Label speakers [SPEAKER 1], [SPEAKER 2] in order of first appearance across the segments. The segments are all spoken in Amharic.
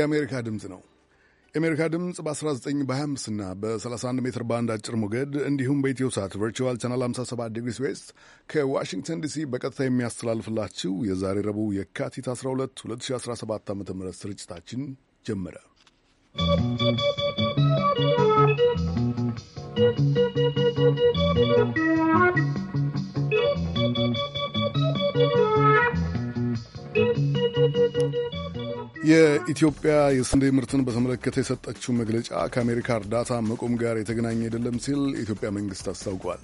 [SPEAKER 1] የአሜሪካ ድምፅ ነው። የአሜሪካ ድምፅ በ19 በ25 እና በ31 ሜትር ባንድ አጭር ሞገድ እንዲሁም በኢትዮ ሳት ቨርቹዋል ቻናል 57 ዲግሪስ ዌስት ከዋሽንግተን ዲሲ በቀጥታ የሚያስተላልፍላችሁ የዛሬ ረቡዕ የካቲት 12 2017 ዓ ም ስርጭታችን ጀመረ። ¶¶ የኢትዮጵያ የስንዴ ምርትን በተመለከተ የሰጠችው መግለጫ ከአሜሪካ እርዳታ መቆም ጋር የተገናኘ አይደለም ሲል የኢትዮጵያ መንግስት አስታውቋል።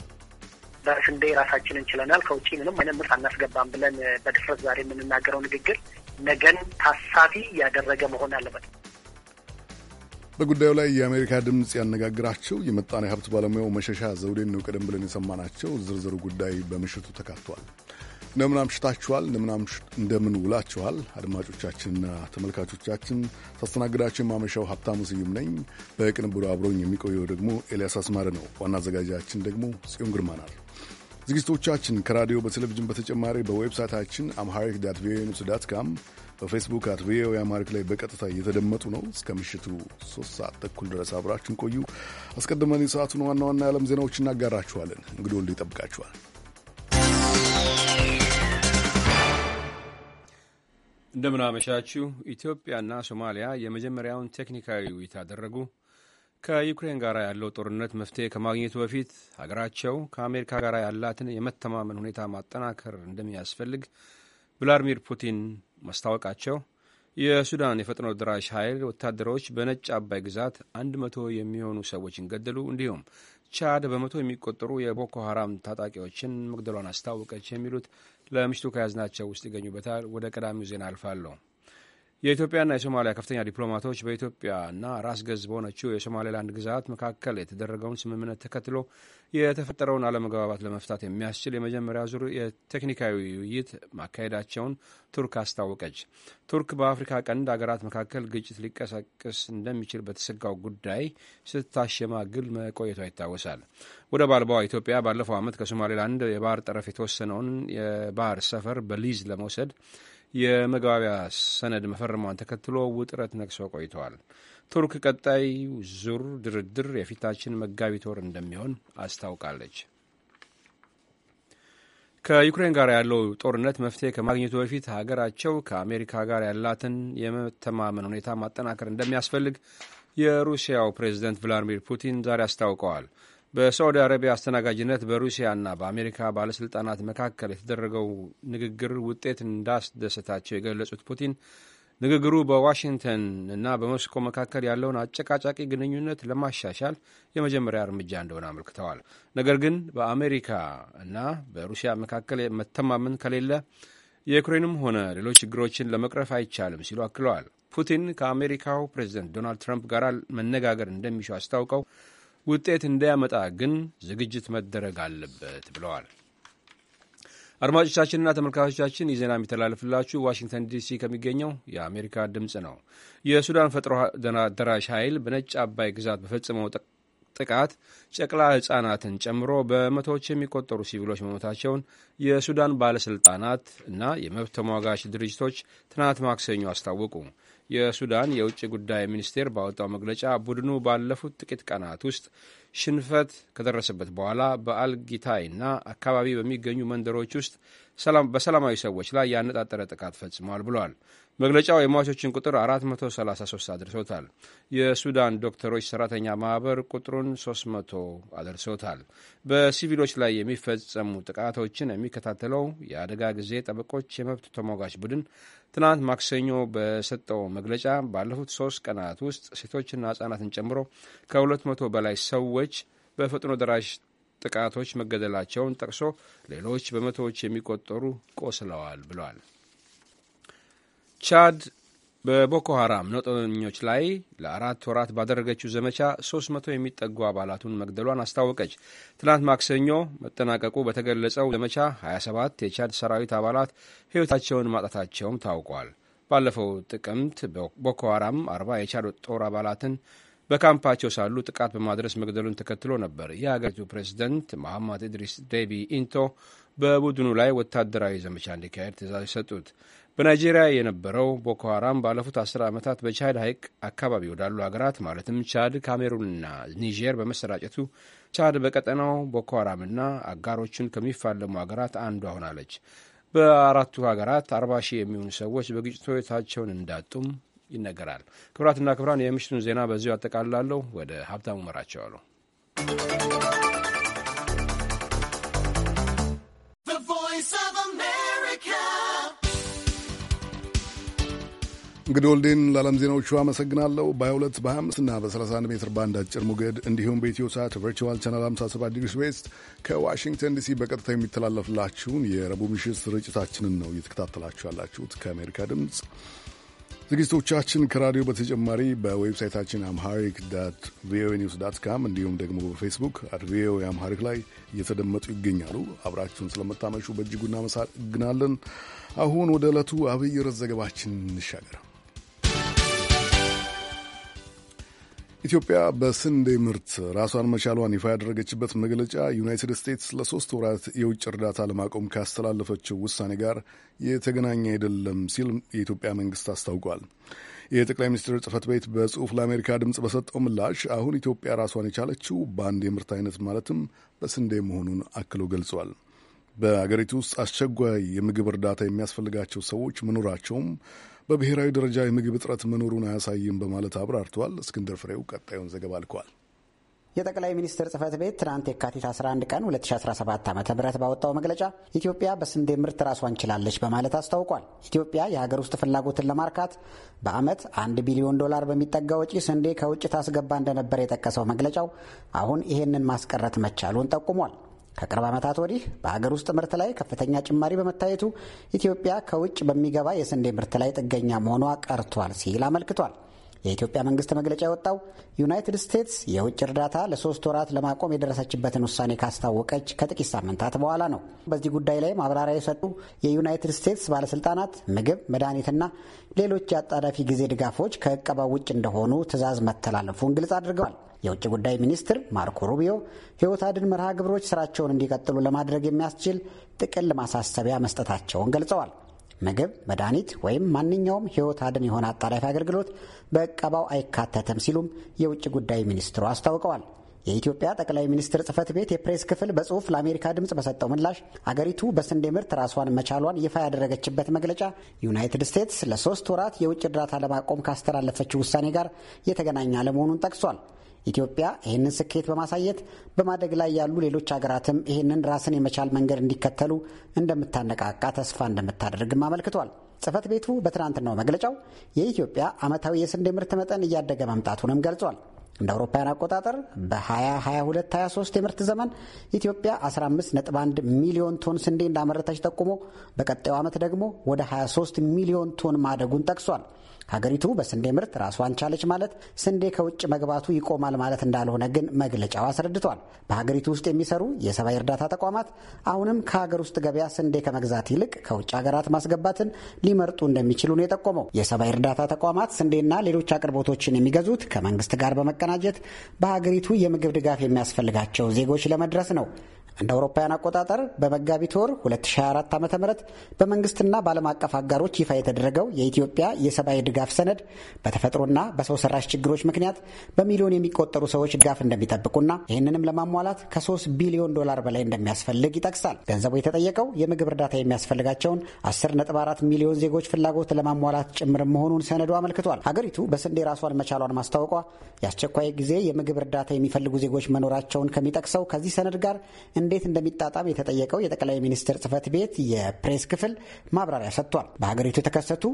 [SPEAKER 2] በስንዴ ራሳችን እንችለናል፣ ከውጭ ምንም አይነት ምርት አናስገባም ብለን በድፍረት ዛሬ የምንናገረው ንግግር ነገን ታሳቢ ያደረገ መሆን አለበት።
[SPEAKER 1] በጉዳዩ ላይ የአሜሪካ ድምፅ ያነጋግራቸው የመጣኔ ሀብት ባለሙያው መሸሻ ዘውዴን ነው ቀደም ብለን የሰማናቸው። ዝርዝሩ ጉዳይ በምሽቱ ተካቷል። እንደምን አምሽታችኋል፣ እንደምን ውላችኋል አድማጮቻችንና ተመልካቾቻችን። ሳስተናግዳችሁ የማመሻው ሀብታሙ ስዩም ነኝ። በቅንብሩ አብሮኝ የሚቆየው ደግሞ ኤልያስ አስማረ ነው። ዋና አዘጋጃችን ደግሞ ጽዮን ግርማ ናት። ዝግጅቶቻችን ከራዲዮ በቴሌቪዥን በተጨማሪ በዌብሳይታችን አምሃሪክ ዳት ቪኦኤ ኒውስ ዳት ካም በፌስቡክ አት ቪኦኤ አማሪክ ላይ በቀጥታ እየተደመጡ ነው። እስከ ምሽቱ ሶስት ሰዓት ተኩል ድረስ አብራችን ቆዩ። አስቀድመን የሰዓቱን ዋና ዋና የዓለም ዜናዎች እናጋራችኋለን። እንግዶ ይጠብቃችኋል።
[SPEAKER 3] እንደምናመሻችሁ። ኢትዮጵያና ሶማሊያ የመጀመሪያውን ቴክኒካዊ ውይይት አደረጉ። ከዩክሬን ጋር ያለው ጦርነት መፍትሄ ከማግኘቱ በፊት ሀገራቸው ከአሜሪካ ጋር ያላትን የመተማመን ሁኔታ ማጠናከር እንደሚያስፈልግ ቭላድሚር ፑቲን ማስታወቃቸው፣ የሱዳን የፈጥኖ ድራሽ ኃይል ወታደሮች በነጭ አባይ ግዛት አንድ መቶ የሚሆኑ ሰዎችን ገደሉ፣ እንዲሁም ቻድ በመቶ የሚቆጠሩ የቦኮ ሀራም ታጣቂዎችን መግደሏን አስታወቀች። የሚሉት ለምሽቱ ከያዝናቸው ውስጥ ይገኙበታል። ወደ ቀዳሚው ዜና አልፋለሁ። የኢትዮጵያና የሶማሊያ ከፍተኛ ዲፕሎማቶች በኢትዮጵያና ራስ ገዝ በሆነችው የሶማሌላንድ ግዛት መካከል የተደረገውን ስምምነት ተከትሎ የተፈጠረውን አለመግባባት ለመፍታት የሚያስችል የመጀመሪያ ዙር የቴክኒካዊ ውይይት ማካሄዳቸውን ቱርክ አስታወቀች። ቱርክ በአፍሪካ ቀንድ አገራት መካከል ግጭት ሊቀሰቅስ እንደሚችል በተሰጋው ጉዳይ ስታሸማግል መቆየቷ ይታወሳል። ወደብ አልባዋ ኢትዮጵያ ባለፈው ዓመት ከሶማሌላንድ የባህር ጠረፍ የተወሰነውን የባህር ሰፈር በሊዝ ለመውሰድ የመግባቢያ ሰነድ መፈረሟን ተከትሎ ውጥረት ነግሶ ቆይተዋል። ቱርክ ቀጣይ ዙር ድርድር የፊታችን መጋቢት ወር እንደሚሆን አስታውቃለች። ከዩክሬን ጋር ያለው ጦርነት መፍትሄ ከማግኘቱ በፊት ሀገራቸው ከአሜሪካ ጋር ያላትን የመተማመን ሁኔታ ማጠናከር እንደሚያስፈልግ የሩሲያው ፕሬዝደንት ቭላዲሚር ፑቲን ዛሬ አስታውቀዋል። በሳዑዲ አረቢያ አስተናጋጅነት በሩሲያና በአሜሪካ ባለሥልጣናት መካከል የተደረገው ንግግር ውጤት እንዳስደሰታቸው የገለጹት ፑቲን ንግግሩ በዋሽንግተን እና በሞስኮ መካከል ያለውን አጨቃጫቂ ግንኙነት ለማሻሻል የመጀመሪያ እርምጃ እንደሆነ አመልክተዋል። ነገር ግን በአሜሪካ እና በሩሲያ መካከል መተማመን ከሌለ የዩክሬንም ሆነ ሌሎች ችግሮችን ለመቅረፍ አይቻልም ሲሉ አክለዋል። ፑቲን ከአሜሪካው ፕሬዚደንት ዶናልድ ትራምፕ ጋር መነጋገር እንደሚሹ አስታውቀው ውጤት እንዳያመጣ ግን ዝግጅት መደረግ አለበት ብለዋል። አድማጮቻችንና ተመልካቾቻችን ይህ ዜና የሚተላለፍላችሁ ዋሽንግተን ዲሲ ከሚገኘው የአሜሪካ ድምፅ ነው። የሱዳን ፈጥሮ ደራሽ ኃይል በነጭ አባይ ግዛት በፈጸመው ጥቃት ጨቅላ ሕጻናትን ጨምሮ በመቶዎች የሚቆጠሩ ሲቪሎች መሞታቸውን የሱዳን ባለሥልጣናት እና የመብት ተሟጋች ድርጅቶች ትናንት ማክሰኞ አስታወቁ። የሱዳን የውጭ ጉዳይ ሚኒስቴር ባወጣው መግለጫ ቡድኑ ባለፉት ጥቂት ቀናት ውስጥ ሽንፈት ከደረሰበት በኋላ በአልጊታይና አካባቢ በሚገኙ መንደሮች ውስጥ በሰላማዊ ሰዎች ላይ ያነጣጠረ ጥቃት ፈጽሟል ብሏል። መግለጫው የሟቾችን ቁጥር 433 አድርሶታል። የሱዳን ዶክተሮች ሰራተኛ ማህበር ቁጥሩን 300 አድርሶታል። በሲቪሎች ላይ የሚፈጸሙ ጥቃቶችን የሚከታተለው የአደጋ ጊዜ ጠበቆች የመብት ተሟጋች ቡድን ትናንት ማክሰኞ በሰጠው መግለጫ ባለፉት ሶስት ቀናት ውስጥ ሴቶችና ህጻናትን ጨምሮ ከ200 በላይ ሰዎች በፈጥኖ ደራሽ ጥቃቶች መገደላቸውን ጠቅሶ ሌሎች በመቶዎች የሚቆጠሩ ቆስለዋል ብለዋል። ቻድ በቦኮ ሐራም ነውጠኞች ላይ ለአራት ወራት ባደረገችው ዘመቻ 300 የሚጠጉ አባላቱን መግደሏን አስታወቀች። ትናንት ማክሰኞ መጠናቀቁ በተገለጸው ዘመቻ 27 የቻድ ሰራዊት አባላት ሕይወታቸውን ማጣታቸውም ታውቋል። ባለፈው ጥቅምት ቦኮ ሐራም 40 የቻድ ጦር አባላትን በካምፓቸው ሳሉ ጥቃት በማድረስ መግደሉን ተከትሎ ነበር የአገሪቱ ፕሬዚደንት መሐማድ ኢድሪስ ዴቢ ኢንቶ በቡድኑ ላይ ወታደራዊ ዘመቻ እንዲካሄድ ትእዛዝ ሰጡት። በናይጄሪያ የነበረው ቦኮ ሃራም ባለፉት አስር ዓመታት በቻድ ሐይቅ አካባቢ ወዳሉ ሀገራት ማለትም ቻድ፣ ካሜሩንና ኒጀር በመሰራጨቱ ቻድ በቀጠናው ቦኮ ሃራምና አጋሮችን ከሚፋለሙ ሀገራት አንዷ ሆናለች። በአራቱ ሀገራት አርባ ሺህ የሚሆኑ ሰዎች በግጭቱ ሕይወታቸውን እንዳጡም ይነገራል። ክብራትና ክብራን የምሽቱን ዜና በዚሁ አጠቃልላለሁ። ወደ ሀብታሙ መራቸዋለሁ።
[SPEAKER 1] እንግዲህ ወልዴን ለዓለም ዜናዎቹ አመሰግናለሁ። በ22 በ25 እና በ31 ሜትር ባንድ አጭር ሞገድ እንዲሁም በኢትዮ ሳት ቨርቹዋል ቻናል 57 ዲግሪስ ዌስት ከዋሽንግተን ዲሲ በቀጥታ የሚተላለፍላችሁን የረቡዕ ምሽት ስርጭታችንን ነው እየተከታተላችሁ ያላችሁት ከአሜሪካ ድምፅ ዝግጅቶቻችን ከራዲዮ በተጨማሪ በዌብሳይታችን አምሃሪክ ዳት ቪኦኤ ኒውስ ዳት ካም እንዲሁም ደግሞ በፌስቡክ አት ቪኦኤ አምሃሪክ ላይ እየተደመጡ ይገኛሉ። አብራችሁን ስለምታመሹ በእጅጉ እናመሰግናለን። አሁን ወደ ዕለቱ አብይ ርዕስ ዘገባችን እንሻገር። ኢትዮጵያ በስንዴ ምርት ራሷን መቻሏን ይፋ ያደረገችበት መግለጫ ዩናይትድ ስቴትስ ለሶስት ወራት የውጭ እርዳታ ለማቆም ካስተላለፈችው ውሳኔ ጋር የተገናኘ አይደለም ሲል የኢትዮጵያ መንግስት አስታውቋል። የጠቅላይ ሚኒስትር ጽህፈት ቤት በጽሁፍ ለአሜሪካ ድምፅ በሰጠው ምላሽ አሁን ኢትዮጵያ ራሷን የቻለችው በአንድ የምርት አይነት ማለትም በስንዴ መሆኑን አክሎ ገልጿል። በአገሪቱ ውስጥ አስቸኳይ የምግብ እርዳታ የሚያስፈልጋቸው ሰዎች መኖራቸውም በብሔራዊ ደረጃ የምግብ እጥረት መኖሩን አያሳይም በማለት አብራርተዋል። እስክንድር ፍሬው ቀጣዩን ዘገባ ልከዋል።
[SPEAKER 4] የጠቅላይ ሚኒስትር ጽህፈት ቤት ትናንት የካቲት 11 ቀን 2017 ዓ ም ባወጣው መግለጫ ኢትዮጵያ በስንዴ ምርት ራሷን ችላለች በማለት አስታውቋል። ኢትዮጵያ የሀገር ውስጥ ፍላጎትን ለማርካት በዓመት 1 ቢሊዮን ዶላር በሚጠጋ ወጪ ስንዴ ከውጭ ታስገባ እንደነበር የጠቀሰው መግለጫው አሁን ይህንን ማስቀረት መቻሉን ጠቁሟል። ከቅርብ ዓመታት ወዲህ በአገር ውስጥ ምርት ላይ ከፍተኛ ጭማሪ በመታየቱ ኢትዮጵያ ከውጭ በሚገባ የስንዴ ምርት ላይ ጥገኛ መሆኗ ቀርቷል ሲል አመልክቷል። የኢትዮጵያ መንግስት መግለጫ የወጣው ዩናይትድ ስቴትስ የውጭ እርዳታ ለሶስት ወራት ለማቆም የደረሰችበትን ውሳኔ ካስታወቀች ከጥቂት ሳምንታት በኋላ ነው። በዚህ ጉዳይ ላይ ማብራሪያ የሰጡ የዩናይትድ ስቴትስ ባለስልጣናት ምግብ፣ መድኃኒትና ሌሎች የአጣዳፊ ጊዜ ድጋፎች ከእቀባ ውጭ እንደሆኑ ትዕዛዝ መተላለፉን ግልጽ አድርገዋል። የውጭ ጉዳይ ሚኒስትር ማርኮ ሩቢዮ ሕይወት አድን መርሃ ግብሮች ስራቸውን እንዲቀጥሉ ለማድረግ የሚያስችል ጥቅል ማሳሰቢያ መስጠታቸውን ገልጸዋል። ምግብ፣ መድኃኒት ወይም ማንኛውም ሕይወት አድን የሆነ አጣዳፊ አገልግሎት በእቀባው አይካተትም ሲሉም የውጭ ጉዳይ ሚኒስትሩ አስታውቀዋል። የኢትዮጵያ ጠቅላይ ሚኒስትር ጽህፈት ቤት የፕሬስ ክፍል በጽሁፍ ለአሜሪካ ድምፅ በሰጠው ምላሽ አገሪቱ በስንዴ ምርት ራሷን መቻሏን ይፋ ያደረገችበት መግለጫ ዩናይትድ ስቴትስ ለሶስት ወራት የውጭ እርዳታ ለማቆም ካስተላለፈችው ውሳኔ ጋር የተገናኘ አለመሆኑን ጠቅሷል። ኢትዮጵያ ይህንን ስኬት በማሳየት በማደግ ላይ ያሉ ሌሎች ሀገራትም ይህንን ራስን የመቻል መንገድ እንዲከተሉ እንደምታነቃቃ ተስፋ እንደምታደርግም አመልክቷል። ጽህፈት ቤቱ በትናንትናው መግለጫው የኢትዮጵያ ዓመታዊ የስንዴ ምርት መጠን እያደገ መምጣቱንም ገልጿል። እንደ አውሮፓውያን አቆጣጠር በ2022/23 የምርት ዘመን ኢትዮጵያ 15.1 ሚሊዮን ቶን ስንዴ እንዳመረተች ጠቁሞ በቀጣዩ ዓመት ደግሞ ወደ 23 ሚሊዮን ቶን ማደጉን ጠቅሷል። ሀገሪቱ በስንዴ ምርት ራሷን ቻለች ማለት ስንዴ ከውጭ መግባቱ ይቆማል ማለት እንዳልሆነ ግን መግለጫው አስረድቷል። በሀገሪቱ ውስጥ የሚሰሩ የሰብአዊ እርዳታ ተቋማት አሁንም ከሀገር ውስጥ ገበያ ስንዴ ከመግዛት ይልቅ ከውጭ ሀገራት ማስገባትን ሊመርጡ እንደሚችሉ ነው የጠቆመው። የሰብአዊ እርዳታ ተቋማት ስንዴና ሌሎች አቅርቦቶችን የሚገዙት ከመንግስት ጋር በመቀናጀት በሀገሪቱ የምግብ ድጋፍ የሚያስፈልጋቸው ዜጎች ለመድረስ ነው። እንደ አውሮፓውያን አቆጣጠር በመጋቢት ወር 2024 ዓ ም በመንግስትና በዓለም አቀፍ አጋሮች ይፋ የተደረገው የኢትዮጵያ የሰብአዊ ድጋፍ ሰነድ በተፈጥሮና በሰው ሰራሽ ችግሮች ምክንያት በሚሊዮን የሚቆጠሩ ሰዎች ድጋፍ እንደሚጠብቁና ይህንንም ለማሟላት ከ3 ቢሊዮን ዶላር በላይ እንደሚያስፈልግ ይጠቅሳል። ገንዘቡ የተጠየቀው የምግብ እርዳታ የሚያስፈልጋቸውን 10.4 ሚሊዮን ዜጎች ፍላጎት ለማሟላት ጭምር መሆኑን ሰነዱ አመልክቷል። ሀገሪቱ በስንዴ ራሷን መቻሏን ማስታወቋ የአስቸኳይ ጊዜ የምግብ እርዳታ የሚፈልጉ ዜጎች መኖራቸውን ከሚጠቅሰው ከዚህ ሰነድ ጋር እንዴት እንደሚጣጣም የተጠየቀው የጠቅላይ ሚኒስትር ጽህፈት ቤት የፕሬስ ክፍል ማብራሪያ ሰጥቷል። በሀገሪቱ የተከሰቱ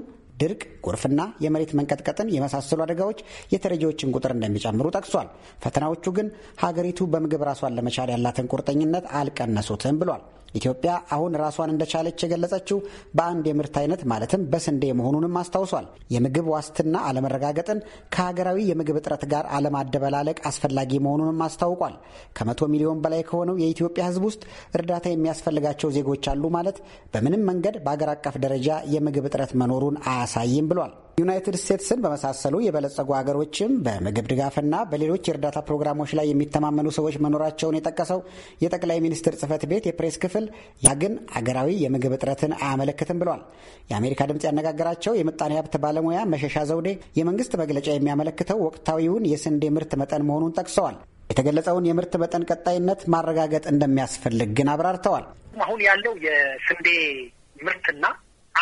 [SPEAKER 4] ድርቅ፣ ጎርፍና የመሬት መንቀጥቀጥን የመሳሰሉ አደጋዎች የተረጂዎችን ቁጥር እንደሚጨምሩ ጠቅሷል። ፈተናዎቹ ግን ሀገሪቱ በምግብ ራሷን ለመቻል ያላትን ቁርጠኝነት አልቀነሱትም ብሏል። ኢትዮጵያ አሁን ራሷን እንደቻለች የገለጸችው በአንድ የምርት አይነት ማለትም በስንዴ መሆኑንም አስታውሷል። የምግብ ዋስትና አለመረጋገጥን ከሀገራዊ የምግብ እጥረት ጋር አለማደበላለቅ አስፈላጊ መሆኑንም አስታውቋል። ከመቶ ሚሊዮን በላይ ከሆነው የኢትዮጵያ ሕዝብ ውስጥ እርዳታ የሚያስፈልጋቸው ዜጎች አሉ ማለት በምንም መንገድ በአገር አቀፍ ደረጃ የምግብ እጥረት መኖሩን አያስ አያሳይም ብሏል። ዩናይትድ ስቴትስን በመሳሰሉ የበለጸጉ ሀገሮችም በምግብ ድጋፍና በሌሎች የእርዳታ ፕሮግራሞች ላይ የሚተማመኑ ሰዎች መኖራቸውን የጠቀሰው የጠቅላይ ሚኒስትር ጽህፈት ቤት የፕሬስ ክፍል ያ ግን አገራዊ የምግብ እጥረትን አያመለክትም ብሏል። የአሜሪካ ድምፅ ያነጋገራቸው የምጣኔ ሀብት ባለሙያ መሸሻ ዘውዴ የመንግስት መግለጫ የሚያመለክተው ወቅታዊውን የስንዴ ምርት መጠን መሆኑን ጠቅሰዋል። የተገለጸውን የምርት መጠን ቀጣይነት ማረጋገጥ እንደሚያስፈልግ ግን አብራርተዋል።
[SPEAKER 2] አሁን ያለው የስንዴ ምርትና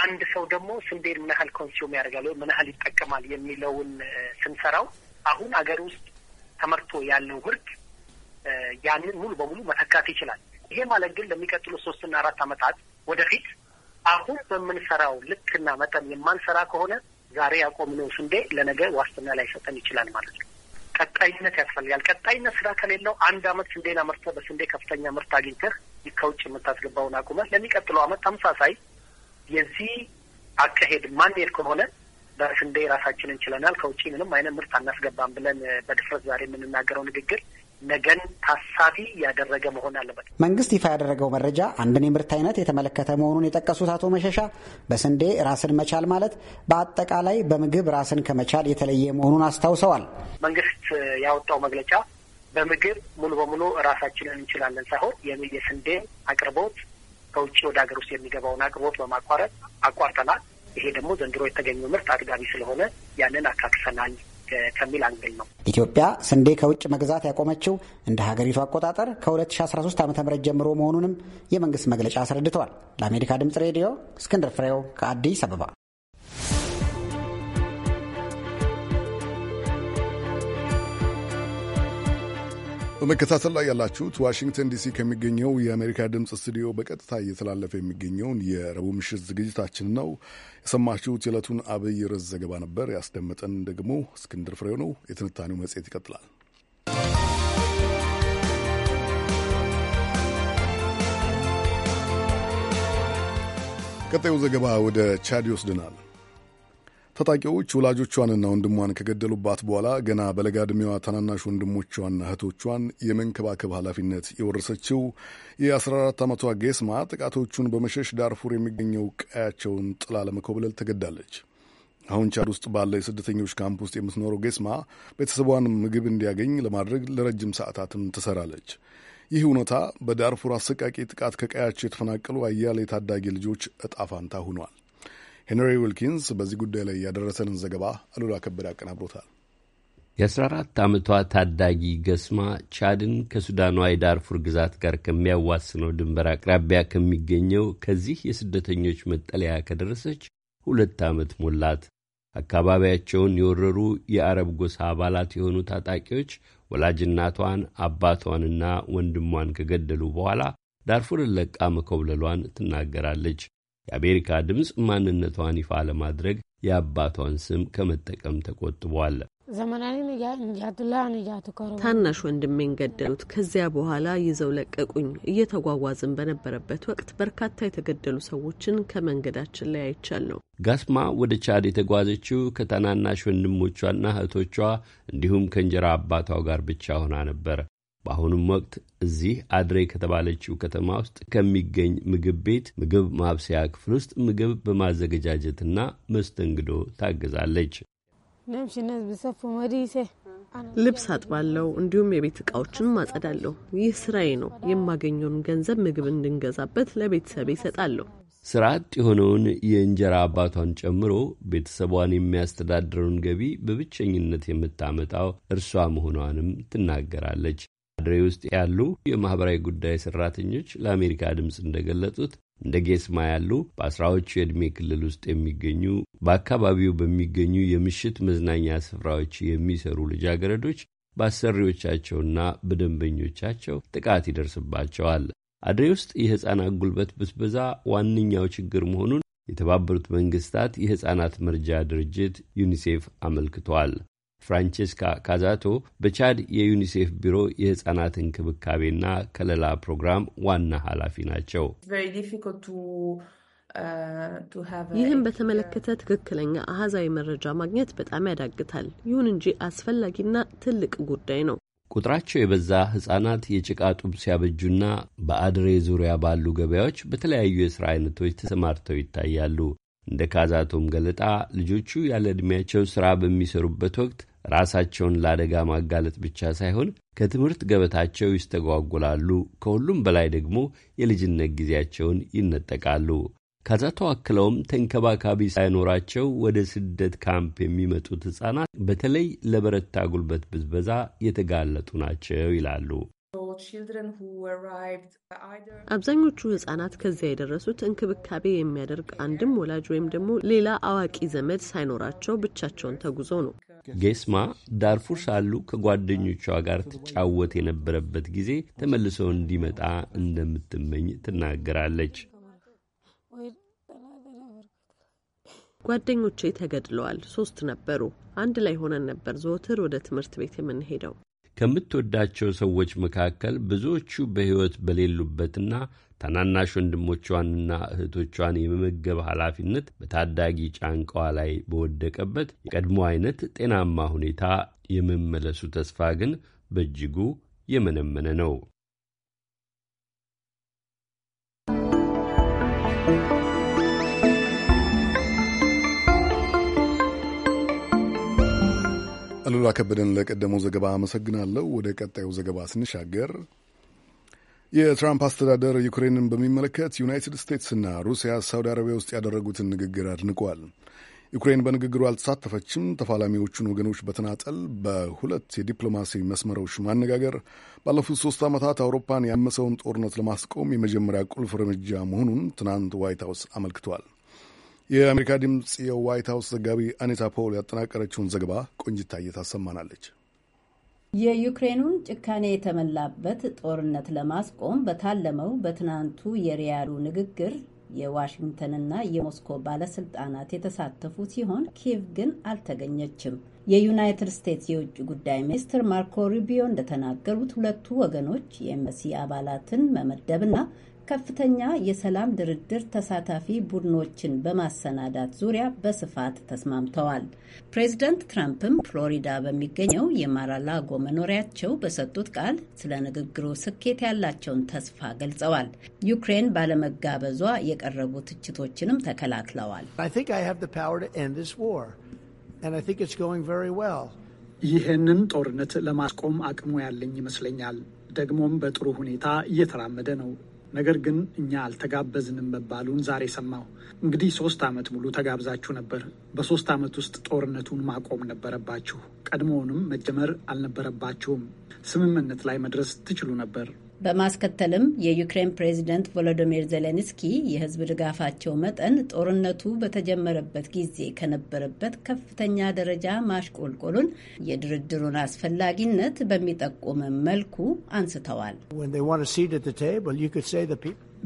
[SPEAKER 2] አንድ ሰው ደግሞ ስንዴን ምን ያህል ኮንሱም ያደርጋል ወይም ምን ያህል ይጠቀማል የሚለውን ስንሰራው አሁን አገር ውስጥ ተመርቶ ያለው ምርት ያንን ሙሉ በሙሉ መተካት ይችላል። ይሄ ማለት ግን ለሚቀጥሉ ሶስትና አራት ዓመታት ወደፊት አሁን በምንሰራው ልክና መጠን የማንሰራ ከሆነ ዛሬ ያቆምነው ስንዴ ለነገ ዋስትና ላይሰጠን ይችላል ማለት ነው። ቀጣይነት ያስፈልጋል። ቀጣይነት ስራ ከሌለው አንድ አመት ስንዴን አምርተህ በስንዴ ከፍተኛ ምርት አግኝተህ ከውጭ የምታስገባውን አቁመህ ለሚቀጥለው አመት ተመሳሳይ የዚህ አካሄድ ማንሄድ ከሆነ በስንዴ ራሳችን እንችለናል፣ ከውጭ ምንም አይነት ምርት አናስገባም ብለን በድፍረት ዛሬ የምንናገረው ንግግር ነገን ታሳቢ ያደረገ መሆን አለበት።
[SPEAKER 4] መንግስት ይፋ ያደረገው መረጃ አንድን የምርት አይነት የተመለከተ መሆኑን የጠቀሱት አቶ መሸሻ በስንዴ ራስን መቻል ማለት በአጠቃላይ በምግብ ራስን ከመቻል የተለየ መሆኑን አስታውሰዋል።
[SPEAKER 2] መንግስት ያወጣው መግለጫ በምግብ ሙሉ በሙሉ ራሳችንን እንችላለን ሳይሆን የስንዴ አቅርቦት ከውጭ ወደ ሀገር ውስጥ የሚገባውን አቅርቦት በማቋረጥ አቋርጠናል። ይሄ ደግሞ ዘንድሮ የተገኘው ምርት አድጋቢ ስለሆነ ያንን አካክሰናል ከሚል አንግል ነው።
[SPEAKER 4] ኢትዮጵያ ስንዴ ከውጭ መግዛት ያቆመችው እንደ ሀገሪቱ አቆጣጠር ከ2013 ዓ ም ጀምሮ መሆኑንም የመንግስት መግለጫ አስረድተዋል። ለአሜሪካ ድምጽ ሬዲዮ እስክንድር ፍሬው ከአዲስ አበባ
[SPEAKER 1] በመከታተል ላይ ያላችሁት ዋሽንግተን ዲሲ ከሚገኘው የአሜሪካ ድምፅ ስቱዲዮ በቀጥታ እየተላለፈ የሚገኘውን የረቡዕ ምሽት ዝግጅታችን ነው። የሰማችሁት የዕለቱን አብይ ርዕስ ዘገባ ነበር። ያስደመጠን ደግሞ እስክንድር ፍሬው ነው። የትንታኔው መጽሔት ይቀጥላል። ቀጣዩ ዘገባ ወደ ቻድ ይወስድናል። ታጣቂዎች ወላጆቿንና ወንድሟን ከገደሉባት በኋላ ገና በለጋ ዕድሜዋ ታናናሽ ወንድሞቿና እህቶቿን የመንከባከብ ኃላፊነት የወረሰችው የ14 ዓመቷ ጌስማ ጥቃቶቹን በመሸሽ ዳርፉር የሚገኘው ቀያቸውን ጥላ ለመኮብለል ተገዳለች። አሁን ቻድ ውስጥ ባለ የስደተኞች ካምፕ ውስጥ የምትኖረው ጌስማ ቤተሰቧን ምግብ እንዲያገኝ ለማድረግ ለረጅም ሰዓታትም ትሰራለች። ይህ እውነታ በዳርፉር አሰቃቂ ጥቃት ከቀያቸው የተፈናቀሉ አያሌ ታዳጊ ልጆች እጣ ፋንታ ሆኗል። ሄንሪ ዊልኪንስ በዚህ ጉዳይ ላይ ያደረሰንን ዘገባ አሉላ ከበደ አቀናብሮታል።
[SPEAKER 5] የ14 ዓመቷ ታዳጊ ገስማ ቻድን ከሱዳኗ የዳርፉር ግዛት ጋር ከሚያዋስነው ድንበር አቅራቢያ ከሚገኘው ከዚህ የስደተኞች መጠለያ ከደረሰች ሁለት ዓመት ሞላት። አካባቢያቸውን የወረሩ የአረብ ጎሳ አባላት የሆኑ ታጣቂዎች ወላጅናቷን፣ አባቷንና ወንድሟን ከገደሉ በኋላ ዳርፉርን ለቃ መኮብለሏን ትናገራለች። የአሜሪካ ድምፅ ማንነቷን ይፋ ለማድረግ የአባቷን ስም ከመጠቀም ተቆጥቧል።
[SPEAKER 6] ታናሽ ወንድሜን ገደሉት። ከዚያ በኋላ ይዘው ለቀቁኝ። እየተጓጓዝን በነበረበት ወቅት በርካታ የተገደሉ ሰዎችን ከመንገዳችን ላይ አይቻለሁ።
[SPEAKER 5] ጋስማ ወደ ቻድ የተጓዘችው ከታናናሽ ወንድሞቿና እህቶቿ እንዲሁም ከእንጀራ አባቷ ጋር ብቻ ሆና ነበር። በአሁኑም ወቅት እዚህ አድሬ ከተባለችው ከተማ ውስጥ ከሚገኝ ምግብ ቤት ምግብ ማብሰያ ክፍል ውስጥ ምግብ በማዘገጃጀትና መስተንግዶ ታግዛለች።
[SPEAKER 6] ልብስ አጥባለሁ፣ እንዲሁም የቤት እቃዎችን ማጸዳለሁ። ይህ ስራዬ ነው። የማገኘውን ገንዘብ ምግብ እንድንገዛበት ለቤተሰብ ይሰጣለሁ።
[SPEAKER 5] ስራ አጥ የሆነውን የእንጀራ አባቷን ጨምሮ ቤተሰቧን የሚያስተዳድረውን ገቢ በብቸኝነት የምታመጣው እርሷ መሆኗንም ትናገራለች። ድሬ ውስጥ ያሉ የማህበራዊ ጉዳይ ሰራተኞች ለአሜሪካ ድምፅ እንደገለጹት እንደ ጌስማ ያሉ በአስራዎቹ የዕድሜ ክልል ውስጥ የሚገኙ በአካባቢው በሚገኙ የምሽት መዝናኛ ስፍራዎች የሚሰሩ ልጃገረዶች በአሰሪዎቻቸውና በደንበኞቻቸው ጥቃት ይደርስባቸዋል። አድሬ ውስጥ የሕፃናት ጉልበት ብዝበዛ ዋነኛው ችግር መሆኑን የተባበሩት መንግስታት የሕፃናት መርጃ ድርጅት ዩኒሴፍ አመልክቷል። ፍራንቼስካ ካዛቶ በቻድ የዩኒሴፍ ቢሮ የህፃናት እንክብካቤና ከለላ ፕሮግራም ዋና ኃላፊ ናቸው።
[SPEAKER 6] uh, ይህም በተመለከተ ትክክለኛ አሃዛዊ መረጃ ማግኘት በጣም ያዳግታል። ይሁን እንጂ አስፈላጊና ትልቅ ጉዳይ ነው።
[SPEAKER 5] ቁጥራቸው የበዛ ህጻናት የጭቃ ጡብ ሲያበጁና በአድሬ ዙሪያ ባሉ ገበያዎች በተለያዩ የሥራ አይነቶች ተሰማርተው ይታያሉ። እንደ ካዛቶም ገለጣ ልጆቹ ያለ ዕድሜያቸው ሥራ በሚሰሩበት ወቅት ራሳቸውን ለአደጋ ማጋለጥ ብቻ ሳይሆን ከትምህርት ገበታቸው ይስተጓጉላሉ። ከሁሉም በላይ ደግሞ የልጅነት ጊዜያቸውን ይነጠቃሉ። ከዛ ተዋክለውም ተንከባካቢ ሳይኖራቸው ወደ ስደት ካምፕ የሚመጡት ሕፃናት በተለይ ለበረታ ጉልበት ብዝበዛ የተጋለጡ ናቸው ይላሉ።
[SPEAKER 6] አብዛኞቹ ህጻናት ከዚያ የደረሱት እንክብካቤ የሚያደርግ አንድም ወላጅ ወይም ደግሞ ሌላ አዋቂ ዘመድ ሳይኖራቸው ብቻቸውን ተጉዞ ነው።
[SPEAKER 5] ጌስማ ዳርፉር ሳሉ ከጓደኞቿ ጋር ትጫወት የነበረበት ጊዜ ተመልሶ እንዲመጣ እንደምትመኝ ትናገራለች።
[SPEAKER 6] ጓደኞቼ ተገድለዋል። ሶስት ነበሩ። አንድ ላይ ሆነን ነበር ዘወትር ወደ ትምህርት ቤት የምንሄደው።
[SPEAKER 5] ከምትወዳቸው ሰዎች መካከል ብዙዎቹ በሕይወት በሌሉበትና ታናናሽ ወንድሞቿንና እህቶቿን የመመገብ ኃላፊነት በታዳጊ ጫንቃዋ ላይ በወደቀበት የቀድሞ አይነት ጤናማ ሁኔታ የመመለሱ ተስፋ ግን በእጅጉ የመነመነ ነው።
[SPEAKER 1] አሉላ ከበደን ለቀደመው ዘገባ አመሰግናለሁ። ወደ ቀጣዩ ዘገባ ስንሻገር የትራምፕ አስተዳደር ዩክሬንን በሚመለከት ዩናይትድ ስቴትስና ሩሲያ ሳውዲ አረቢያ ውስጥ ያደረጉትን ንግግር አድንቋል። ዩክሬን በንግግሩ አልተሳተፈችም፣ ተፋላሚዎቹን ወገኖች በተናጠል በሁለት የዲፕሎማሲ መስመሮች ማነጋገር ባለፉት ሶስት ዓመታት አውሮፓን ያመሰውን ጦርነት ለማስቆም የመጀመሪያ ቁልፍ እርምጃ መሆኑን ትናንት ዋይት ሀውስ አመልክቷል። የአሜሪካ ድምፅ የዋይት ሀውስ ዘጋቢ አኔታ ፖል ያጠናቀረችውን ዘገባ ቆንጅታ እየታሰማናለች።
[SPEAKER 7] የዩክሬኑን ጭካኔ የተመላበት ጦርነት ለማስቆም በታለመው በትናንቱ የሪያሉ ንግግር የዋሽንግተንና የሞስኮ ባለስልጣናት የተሳተፉ ሲሆን ኪየቭ ግን አልተገኘችም። የዩናይትድ ስቴትስ የውጭ ጉዳይ ሚኒስትር ማርኮ ሩቢዮ እንደተናገሩት ሁለቱ ወገኖች የኤምባሲ አባላትን መመደብና ከፍተኛ የሰላም ድርድር ተሳታፊ ቡድኖችን በማሰናዳት ዙሪያ በስፋት ተስማምተዋል። ፕሬዝደንት ትራምፕም ፍሎሪዳ በሚገኘው የማራላጎ መኖሪያቸው በሰጡት ቃል ስለ ንግግሩ ስኬት ያላቸውን ተስፋ ገልጸዋል። ዩክሬን ባለመጋበዟ የቀረቡ ትችቶችንም ተከላክለዋል።
[SPEAKER 8] ይህንን ጦርነት ለማስቆም አቅሙ ያለኝ ይመስለኛል። ደግሞም በጥሩ ሁኔታ እየተራመደ ነው። ነገር ግን እኛ አልተጋበዝንም መባሉን ዛሬ ሰማሁ። እንግዲህ ሶስት ዓመት ሙሉ ተጋብዛችሁ ነበር። በሶስት ዓመት ውስጥ ጦርነቱን ማቆም ነበረባችሁ። ቀድሞውንም መጀመር አልነበረባችሁም። ስምምነት ላይ መድረስ ትችሉ ነበር።
[SPEAKER 7] በማስከተልም የዩክሬን ፕሬዚደንት ቮሎዶሚር ዜሌንስኪ የህዝብ ድጋፋቸው መጠን ጦርነቱ በተጀመረበት ጊዜ ከነበረበት ከፍተኛ ደረጃ ማሽቆልቆሉን የድርድሩን አስፈላጊነት በሚጠቁም መልኩ አንስተዋል።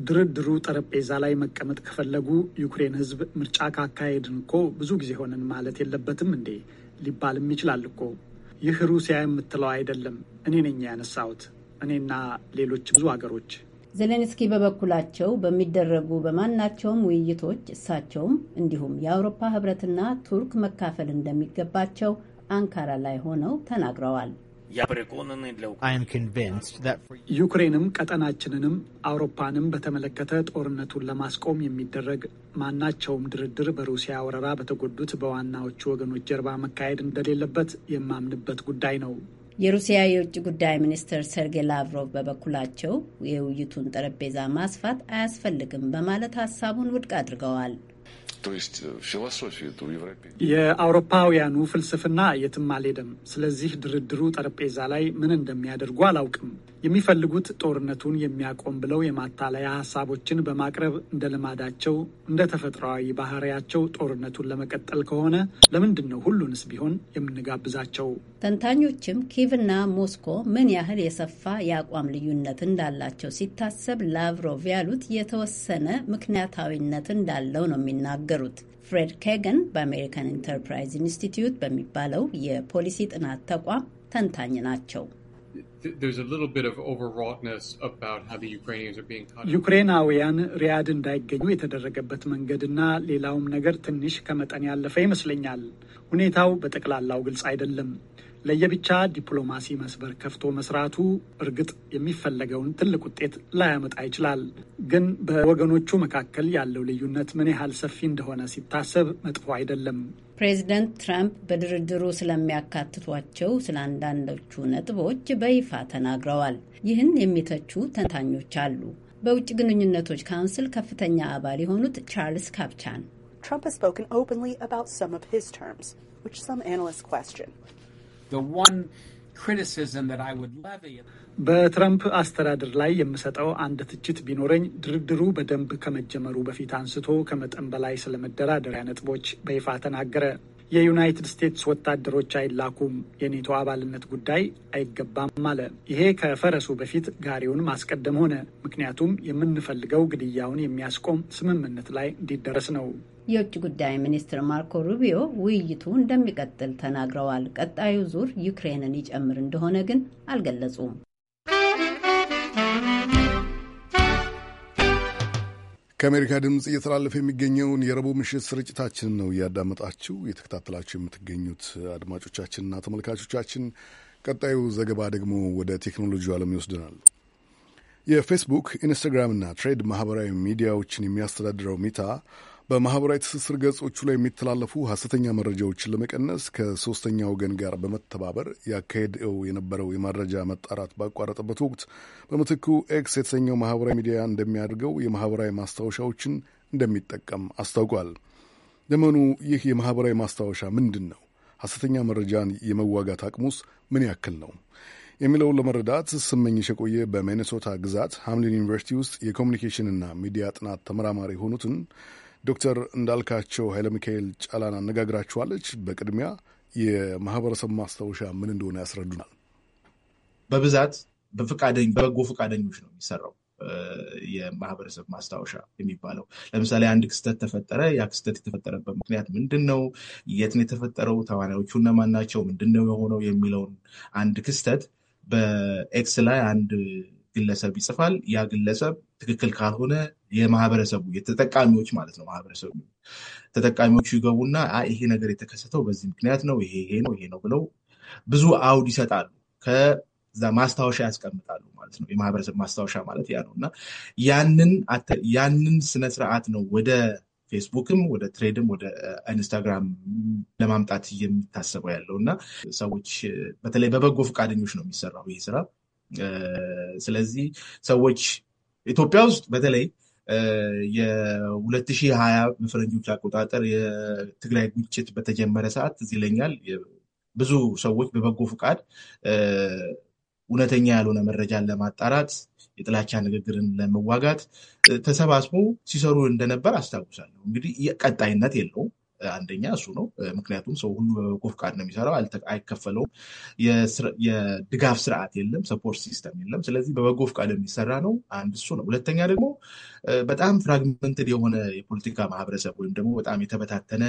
[SPEAKER 8] ድርድሩ ጠረጴዛ ላይ መቀመጥ ከፈለጉ ዩክሬን ህዝብ ምርጫ ካካሄድን እኮ ብዙ ጊዜ ሆነን ማለት የለበትም እንዴ ሊባልም ይችላል እኮ። ይህ ሩሲያ የምትለው አይደለም፣ እኔ ነኝ ያነሳሁት እኔና ሌሎች ብዙ ሀገሮች።
[SPEAKER 7] ዜሌንስኪ በበኩላቸው በሚደረጉ በማናቸውም ውይይቶች እሳቸውም እንዲሁም የአውሮፓ ህብረትና ቱርክ መካፈል እንደሚገባቸው አንካራ ላይ ሆነው ተናግረዋል።
[SPEAKER 8] ዩክሬንም ቀጠናችንንም አውሮፓንም በተመለከተ ጦርነቱን ለማስቆም የሚደረግ ማናቸውም ድርድር በሩሲያ ወረራ በተጎዱት በዋናዎቹ ወገኖች ጀርባ መካሄድ እንደሌለበት
[SPEAKER 7] የማምንበት ጉዳይ ነው። የሩሲያ የውጭ ጉዳይ ሚኒስትር ሰርጌይ ላቭሮቭ በበኩላቸው የውይይቱን ጠረጴዛ ማስፋት አያስፈልግም በማለት ሀሳቡን ውድቅ አድርገዋል።
[SPEAKER 1] э,
[SPEAKER 8] የአውሮፓውያኑ ፍልስፍና የትም አልሄደም። ስለዚህ ድርድሩ ጠረጴዛ ላይ ምን እንደሚያደርጉ አላውቅም። የሚፈልጉት ጦርነቱን የሚያቆም ብለው የማታለያ ሀሳቦችን በማቅረብ እንደ ልማዳቸው እንደ ተፈጥሯዊ ባህሪያቸው ጦርነቱን ለመቀጠል ከሆነ ለምንድን ነው ሁሉንስ ቢሆን የምንጋብዛቸው?
[SPEAKER 7] ተንታኞችም ኪቭና ሞስኮ ምን ያህል የሰፋ የአቋም ልዩነት እንዳላቸው ሲታሰብ ላቭሮቭ ያሉት የተወሰነ ምክንያታዊነት እንዳለው ነው የሚናገሩት። ፍሬድ ኬገን በአሜሪካን ኢንተርፕራይዝ ኢንስቲትዩት በሚባለው የፖሊሲ ጥናት ተቋም ተንታኝ ናቸው።
[SPEAKER 4] there's a little bit of overwroughtness about how the Ukrainians are being cut.
[SPEAKER 7] ዩክሬናውያን ሪያድ እንዳይገኙ የተደረገበት መንገድና
[SPEAKER 8] ሌላውም ነገር ትንሽ ከመጠን ያለፈ ይመስለኛል። ሁኔታው በጠቅላላው ግልጽ አይደለም። ለየብቻ ዲፕሎማሲ መስበር ከፍቶ መስራቱ እርግጥ የሚፈለገውን ትልቅ ውጤት ላያመጣ ይችላል። ግን በወገኖቹ መካከል ያለው ልዩነት ምን ያህል ሰፊ እንደሆነ ሲታሰብ መጥፎ አይደለም።
[SPEAKER 7] ፕሬዚደንት ትራምፕ በድርድሩ ስለሚያካትቷቸው ስለ አንዳንዶቹ ነጥቦች በይፋ ተናግረዋል። ይህን የሚተቹ ተንታኞች አሉ። በውጭ ግንኙነቶች ካውንስል ከፍተኛ አባል የሆኑት ቻርልስ ካፕቻን
[SPEAKER 8] በትረምፕ አስተዳደር ላይ የምሰጠው አንድ ትችት ቢኖረኝ ድርድሩ በደንብ ከመጀመሩ በፊት አንስቶ ከመጠን በላይ ስለ መደራደሪያ ነጥቦች በይፋ ተናገረ። የዩናይትድ ስቴትስ ወታደሮች አይላኩም፣ የኔቶ አባልነት ጉዳይ አይገባም አለ። ይሄ ከፈረሱ በፊት ጋሪውን ማስቀደም ሆነ። ምክንያቱም የምንፈልገው ግድያውን የሚያስቆም ስምምነት ላይ እንዲደረስ ነው።
[SPEAKER 7] የውጭ ጉዳይ ሚኒስትር ማርኮ ሩቢዮ ውይይቱ እንደሚቀጥል ተናግረዋል። ቀጣዩ ዙር ዩክሬንን ይጨምር እንደሆነ ግን አልገለጹም።
[SPEAKER 1] ከአሜሪካ ድምፅ እየተላለፈ የሚገኘውን የረቡዕ ምሽት ስርጭታችንን ነው እያዳመጣችሁ የተከታተላችሁ የምትገኙት አድማጮቻችንና ተመልካቾቻችን። ቀጣዩ ዘገባ ደግሞ ወደ ቴክኖሎጂ ዓለም ይወስድናል። የፌስቡክ ኢንስታግራምና ትሬድ ማህበራዊ ሚዲያዎችን የሚያስተዳድረው ሚታ በማህበራዊ ትስስር ገጾቹ ላይ የሚተላለፉ ሐሰተኛ መረጃዎችን ለመቀነስ ከሦስተኛ ወገን ጋር በመተባበር ያካሄደው የነበረው የመረጃ መጣራት ባቋረጠበት ወቅት በምትኩ ኤክስ የተሰኘው ማህበራዊ ሚዲያ እንደሚያደርገው የማህበራዊ ማስታወሻዎችን እንደሚጠቀም አስታውቋል። ለመሆኑ ይህ የማህበራዊ ማስታወሻ ምንድን ነው? ሐሰተኛ መረጃን የመዋጋት አቅሙስ ምን ያክል ነው? የሚለውን ለመረዳት ስመኝሽ የቆየ በሚኔሶታ ግዛት ሃምሊን ዩኒቨርሲቲ ውስጥ የኮሚኒኬሽንና ሚዲያ ጥናት ተመራማሪ የሆኑትን ዶክተር እንዳልካቸው ኃይለ ሚካኤል ጫላን አነጋግራችኋለች። በቅድሚያ የማህበረሰብ ማስታወሻ ምን እንደሆነ ያስረዱናል።
[SPEAKER 9] በብዛት በፈቃደኝ በበጎ ፈቃደኞች ነው የሚሰራው። የማህበረሰብ ማስታወሻ የሚባለው ለምሳሌ አንድ ክስተት ተፈጠረ። ያ ክስተት የተፈጠረበት ምክንያት ምንድን ነው? የት ነው የተፈጠረው? ተዋናዮቹ እነማን ናቸው? ምንድን ነው የሆነው? የሚለውን አንድ ክስተት በኤክስ ላይ አንድ ግለሰብ ይጽፋል። ያ ግለሰብ ትክክል ካልሆነ የማህበረሰቡ የተጠቃሚዎች ማለት ነው ማህበረሰቡ ተጠቃሚዎቹ ይገቡና ይሄ ነገር የተከሰተው በዚህ ምክንያት ነው፣ ይሄ ይሄ ነው፣ ይሄ ነው ብለው ብዙ አውድ ይሰጣሉ። ከዛ ማስታወሻ ያስቀምጣሉ ማለት ነው። የማህበረሰብ ማስታወሻ ማለት ያ ነው እና ያንን ስነስርዓት ነው ወደ ፌስቡክም ወደ ትሬድም ወደ ኢንስታግራም ለማምጣት የሚታሰበው ያለው እና ሰዎች በተለይ በበጎ ፈቃደኞች ነው የሚሰራው ይህ ስራ ስለዚህ ሰዎች ኢትዮጵያ ውስጥ በተለይ የ2020 በፈረንጆች አቆጣጠር የትግራይ ግጭት በተጀመረ ሰዓት እዚህ ይለኛል ብዙ ሰዎች በበጎ ፈቃድ እውነተኛ ያልሆነ መረጃን ለማጣራት የጥላቻ ንግግርን ለመዋጋት ተሰባስቦ ሲሰሩ እንደነበር አስታውሳለሁ። እንግዲህ ቀጣይነት የለውም። አንደኛ እሱ ነው። ምክንያቱም ሰው ሁሉ በበጎ ፍቃድ ነው የሚሰራው፣ አይከፈለውም። የድጋፍ ስርዓት የለም፣ ሰፖርት ሲስተም የለም። ስለዚህ በበጎ ፍቃድ የሚሰራ ነው። አንድ እሱ ነው። ሁለተኛ ደግሞ በጣም ፍራግመንትድ የሆነ የፖለቲካ ማህበረሰብ ወይም ደግሞ በጣም የተበታተነ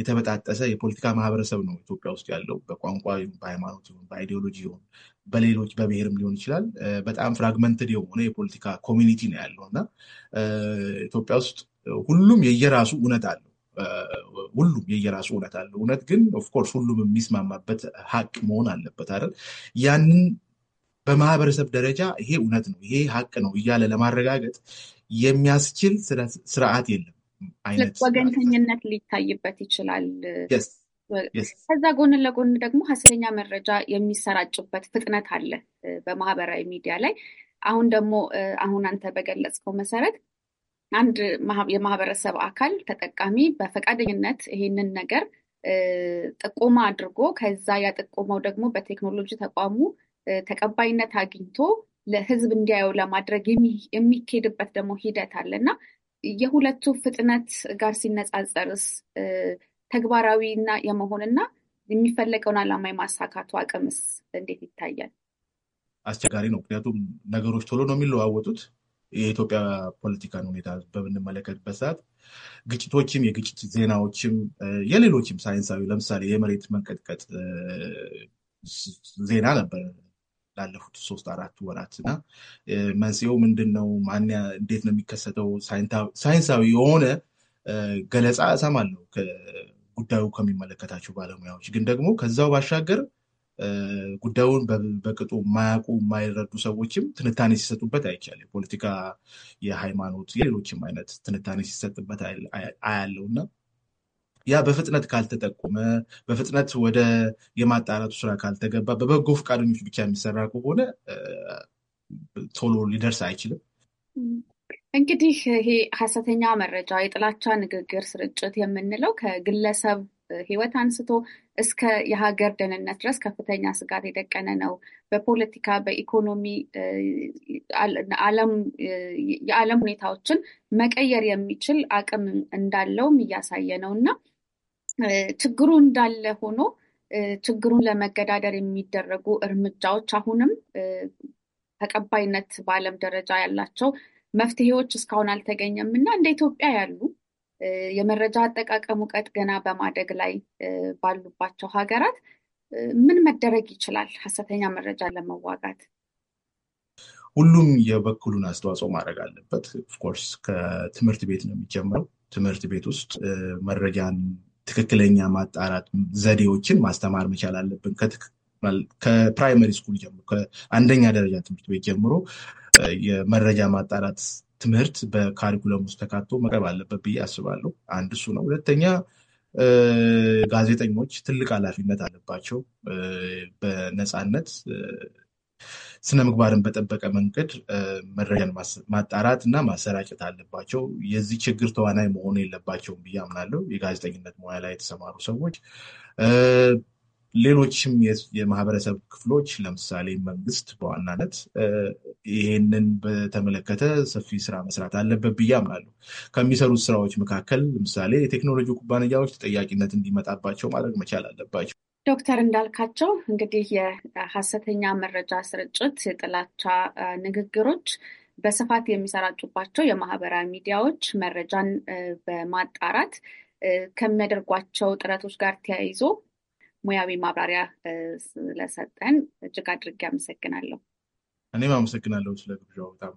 [SPEAKER 9] የተበጣጠሰ የፖለቲካ ማህበረሰብ ነው ኢትዮጵያ ውስጥ ያለው በቋንቋ ይሁን በሃይማኖት ይሁን በአይዲዮሎጂ ይሁን በሌሎች በብሔርም ሊሆን ይችላል። በጣም ፍራግመንትድ የሆነ የፖለቲካ ኮሚኒቲ ነው ያለው እና ኢትዮጵያ ውስጥ ሁሉም የየራሱ እውነት አለው። ሁሉም የየራሱ እውነት አለ። እውነት ግን ኦፍኮርስ ሁሉም የሚስማማበት ሀቅ መሆን አለበት አይደል? ያንን በማህበረሰብ ደረጃ ይሄ እውነት ነው፣ ይሄ ሀቅ ነው እያለ ለማረጋገጥ የሚያስችል ስርዓት የለም። አይነት
[SPEAKER 10] ወገንተኝነት ሊታይበት ይችላል። ከዛ ጎን ለጎን ደግሞ ሀሰተኛ መረጃ የሚሰራጭበት ፍጥነት አለ በማህበራዊ ሚዲያ ላይ። አሁን ደግሞ አሁን አንተ በገለጽከው መሰረት አንድ የማህበረሰብ አካል ተጠቃሚ በፈቃደኝነት ይሄንን ነገር ጥቆማ አድርጎ ከዛ ያጠቆመው ደግሞ በቴክኖሎጂ ተቋሙ ተቀባይነት አግኝቶ ለህዝብ እንዲያየው ለማድረግ የሚኬድበት ደግሞ ሂደት አለ እና የሁለቱ ፍጥነት ጋር ሲነጻጸርስ ተግባራዊ የመሆንና የሚፈለገውን ዓላማ የማሳካቱ አቅምስ እንዴት ይታያል?
[SPEAKER 9] አስቸጋሪ ነው። ምክንያቱም ነገሮች ቶሎ ነው የሚለዋወጡት። የኢትዮጵያ ፖለቲካን ሁኔታ በምንመለከትበት ሰዓት ግጭቶችም የግጭት ዜናዎችም የሌሎችም ሳይንሳዊ ለምሳሌ የመሬት መንቀጥቀጥ ዜና ነበር ላለፉት ሶስት አራት ወራት እና መንስኤው ምንድን ነው? ማን እንዴት ነው የሚከሰተው? ሳይንሳዊ የሆነ ገለጻ እሰማለሁ ጉዳዩ ከሚመለከታቸው ባለሙያዎች። ግን ደግሞ ከዛው ባሻገር ጉዳዩን በቅጡ የማያውቁ የማይረዱ ሰዎችም ትንታኔ ሲሰጡበት አይቻል። የፖለቲካ፣ የሃይማኖት፣ የሌሎችም አይነት ትንታኔ ሲሰጥበት አያለው እና ያ በፍጥነት ካልተጠቆመ በፍጥነት ወደ የማጣራቱ ስራ ካልተገባ በበጎ ፈቃደኞች ብቻ የሚሰራ ከሆነ ቶሎ ሊደርስ አይችልም።
[SPEAKER 10] እንግዲህ ይሄ ሀሰተኛ መረጃ፣ የጥላቻ ንግግር ስርጭት የምንለው ከግለሰብ ህይወት አንስቶ እስከ የሀገር ደህንነት ድረስ ከፍተኛ ስጋት የደቀነ ነው። በፖለቲካ፣ በኢኮኖሚ የዓለም ሁኔታዎችን መቀየር የሚችል አቅም እንዳለውም እያሳየ ነው እና ችግሩ እንዳለ ሆኖ ችግሩን ለመገዳደር የሚደረጉ እርምጃዎች አሁንም ተቀባይነት በዓለም ደረጃ ያላቸው መፍትሄዎች እስካሁን አልተገኘም እና እንደ ኢትዮጵያ ያሉ የመረጃ አጠቃቀም እውቀት ገና በማደግ ላይ ባሉባቸው ሀገራት ምን መደረግ ይችላል? ሀሰተኛ መረጃ ለመዋጋት
[SPEAKER 9] ሁሉም የበኩሉን አስተዋጽኦ ማድረግ አለበት። ኦፍኮርስ ከትምህርት ቤት ነው የሚጀምረው። ትምህርት ቤት ውስጥ መረጃን ትክክለኛ ማጣራት ዘዴዎችን ማስተማር መቻል አለብን። ከፕራይመሪ ስኩል ጀምሮ ከአንደኛ ደረጃ ትምህርት ቤት ጀምሮ የመረጃ ማጣራት ትምህርት በካሪኩለም ውስጥ ተካቶ መቅረብ አለበት ብዬ አስባለሁ። አንድ እሱ ነው። ሁለተኛ ጋዜጠኞች ትልቅ ኃላፊነት አለባቸው። በነፃነት ስነ ምግባርን በጠበቀ መንገድ መረጃን ማጣራት እና ማሰራጨት አለባቸው። የዚህ ችግር ተዋናይ መሆኑ የለባቸውም ብዬ አምናለሁ። የጋዜጠኝነት ሙያ ላይ የተሰማሩ ሰዎች ሌሎችም የማህበረሰብ ክፍሎች ለምሳሌ መንግስት በዋናነት ይሄንን በተመለከተ ሰፊ ስራ መስራት አለበት ብዬ አምናለሁ። ከሚሰሩት ስራዎች መካከል ለምሳሌ የቴክኖሎጂ ኩባንያዎች ተጠያቂነት እንዲመጣባቸው ማድረግ መቻል አለባቸው።
[SPEAKER 10] ዶክተር እንዳልካቸው እንግዲህ የሀሰተኛ መረጃ ስርጭት፣ የጥላቻ ንግግሮች በስፋት የሚሰራጩባቸው የማህበራዊ ሚዲያዎች መረጃን በማጣራት ከሚያደርጓቸው ጥረቶች ጋር ተያይዞ ሙያዊ ማብራሪያ ስለሰጠን እጅግ አድርጌ አመሰግናለሁ።
[SPEAKER 9] እኔም አመሰግናለሁ ስለ ግብዣው በጣም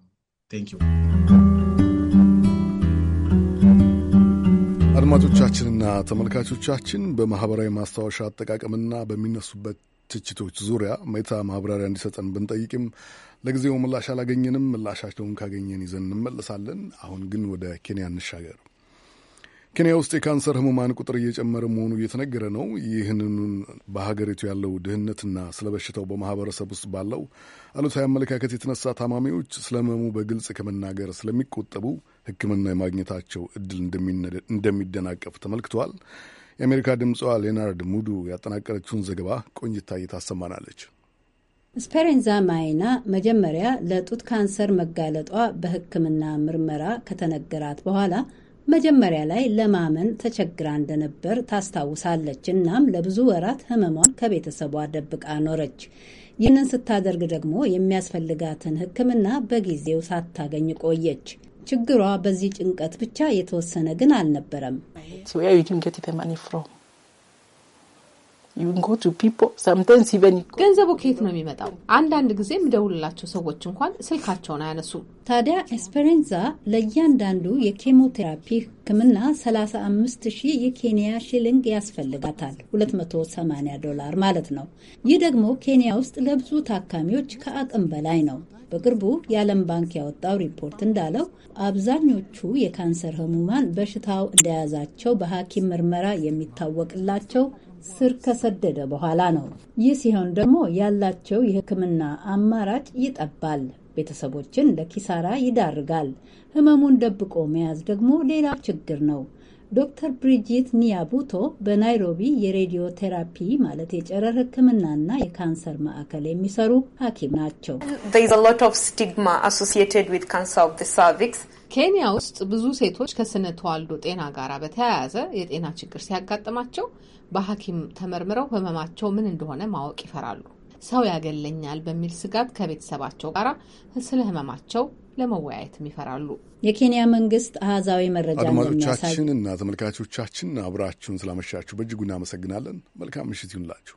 [SPEAKER 1] አድማጮቻችንና ተመልካቾቻችን በማህበራዊ ማስታወሻ አጠቃቀምና በሚነሱበት ትችቶች ዙሪያ ሜታ ማብራሪያ እንዲሰጠን ብንጠይቅም ለጊዜው ምላሽ አላገኘንም። ምላሻቸውን ካገኘን ይዘን እንመለሳለን። አሁን ግን ወደ ኬንያ እንሻገር። ኬንያ ውስጥ የካንሰር ህሙማን ቁጥር እየጨመረ መሆኑ እየተነገረ ነው። ይህንኑን በሀገሪቱ ያለው ድህነትና ስለ በሽታው በማህበረሰብ ውስጥ ባለው አሉታዊ አመለካከት የተነሳ ታማሚዎች ስለ ህመሙ በግልጽ ከመናገር ስለሚቆጠቡ ሕክምና የማግኘታቸው እድል እንደሚደናቀፍ ተመልክተዋል። የአሜሪካ ድምፅዋ ሌናርድ ሙዱ ያጠናቀረችውን ዘገባ ቆንጅታ እየታሰማናለች።
[SPEAKER 7] ስፔሬንዛ ማይና መጀመሪያ ለጡት ካንሰር መጋለጧ በሕክምና ምርመራ ከተነገራት በኋላ መጀመሪያ ላይ ለማመን ተቸግራ እንደነበር ታስታውሳለች። እናም ለብዙ ወራት ህመሟን ከቤተሰቧ ደብቃ ኖረች። ይህንን ስታደርግ ደግሞ የሚያስፈልጋትን ሕክምና በጊዜው ሳታገኝ ቆየች። ችግሯ በዚህ ጭንቀት ብቻ የተወሰነ ግን አልነበረም። ገንዘቡ ከየት ነው የሚመጣው? አንዳንድ ጊዜ የሚደውልላቸው ሰዎች እንኳን ስልካቸውን አያነሱ። ታዲያ ኤስፐሬንዛ ለእያንዳንዱ የኬሞቴራፒ ሕክምና 35 ሺህ የኬንያ ሺሊንግ ያስፈልጋታል፣ 280 ዶላር ማለት ነው። ይህ ደግሞ ኬንያ ውስጥ ለብዙ ታካሚዎች ከአቅም በላይ ነው። በቅርቡ የዓለም ባንክ ያወጣው ሪፖርት እንዳለው አብዛኞቹ የካንሰር ህሙማን በሽታው እንደያዛቸው በሐኪም ምርመራ የሚታወቅላቸው ስር ከሰደደ በኋላ ነው። ይህ ሲሆን ደግሞ ያላቸው የሕክምና አማራጭ ይጠባል፣ ቤተሰቦችን ለኪሳራ ይዳርጋል። ህመሙን ደብቆ መያዝ ደግሞ ሌላው ችግር ነው። ዶክተር ብሪጂት ኒያቡቶ በናይሮቢ የሬዲዮ ቴራፒ ማለት የጨረር ሕክምናና የካንሰር ማዕከል የሚሰሩ ሐኪም ናቸው። ኬንያ ውስጥ ብዙ ሴቶች ከስነ ተዋልዶ ጤና ጋር በተያያዘ የጤና ችግር ሲያጋጥማቸው በሐኪም ተመርምረው ህመማቸው ምን እንደሆነ ማወቅ ይፈራሉ። ሰው ያገለኛል በሚል ስጋት ከቤተሰባቸው ጋር ስለ ህመማቸው ለመወያየትም ይፈራሉ። የኬንያ መንግስት አሃዛዊ መረጃ አድማጮቻችን
[SPEAKER 1] እና ተመልካቾቻችን አብራችሁን ስላመሻችሁ በእጅጉ እናመሰግናለን። መልካም ምሽት ይሁንላችሁ።